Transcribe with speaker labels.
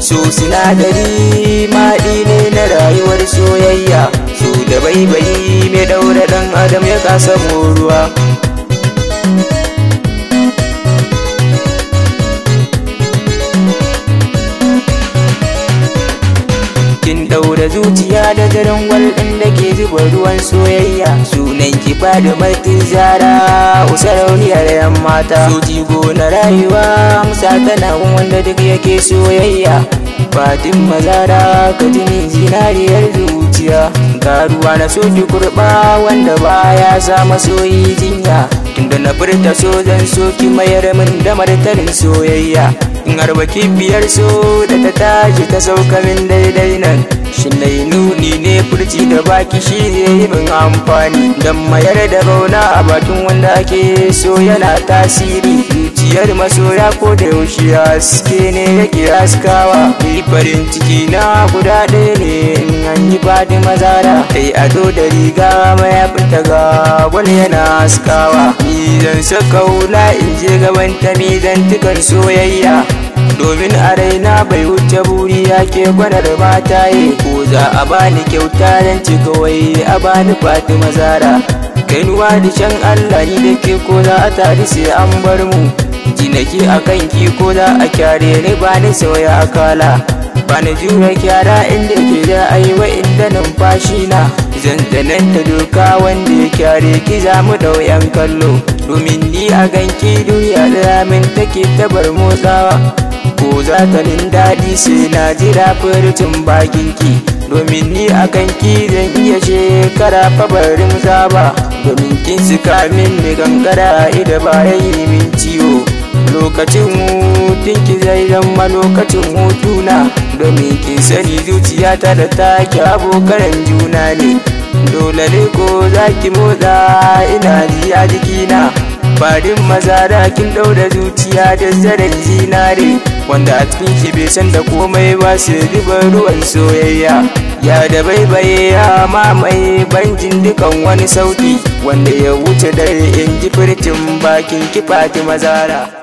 Speaker 1: su sinadari maɗi ne na rayuwar soyayya su da baibayi mai ɗaura ɗan adam ya kasa ruwa. da zuciya da daren walɗin da ke zuba ruwan soyayya sunan ki da martin zara usarauniyar yan mata soji na rayuwa amsa tana wanda duk yake soyayya fatin mazara ka jini zinariyar zuciya ga ruwa na soji kurɓa wanda baya sa masoyi jinya tunda na furta so zan so ki mayar min damar martanin soyayya in biyar so da ta tashi ta sauka min daidai nan shi na yi nuni ne furci da baki shi ne amfani don mayar da bauna a bakin wanda ake so yana tasiri zuciyar masoya ko da yaushe haske ne yake askawa. ni farin ciki na guda ɗaya ne in an yi baɗi mazara kai ado da riga maya fita ga wani yana askawa. ni zan saka hula in je gaban ta mi zan tukar soyayya domin a raina bai wuce buri ya ke gwanar mata yi ko za a bani kyauta don ci kawai a bani fatima mazara. kainuwa da can allah ni da ke ko za a tari sai an bar mu da ki a kan ki ko za a kyare ni ba ni sauya akala ba ni jure kyara inda ke da aiwa inda numfashi na zanzanen ta doka wanda ya kyare ki za mu ɗauyan kallo domin ni a ganki duniya da min take tabar motsawa ko za ta nin daɗi sai na jira bakin ki? domin ni a kanki zan iya shekara fabarin zaba domin kin sika min gangara ida bayan yi min ciwo lokacin hutunki zai zama lokacin hutuna domin ki sani zuciya ta da take abokan juna ne dole ne ko za ki motsa ina ji a jikina farin maza da kin ɗaura zuciya da zarar zinare wanda a cikin ki bai san da komai ba su zubar ruwan soyayya ya da baibaye ya mamaye banjin dukan wani sauti wanda ya wuce dare in ji furcin bakin ki mazara mazara.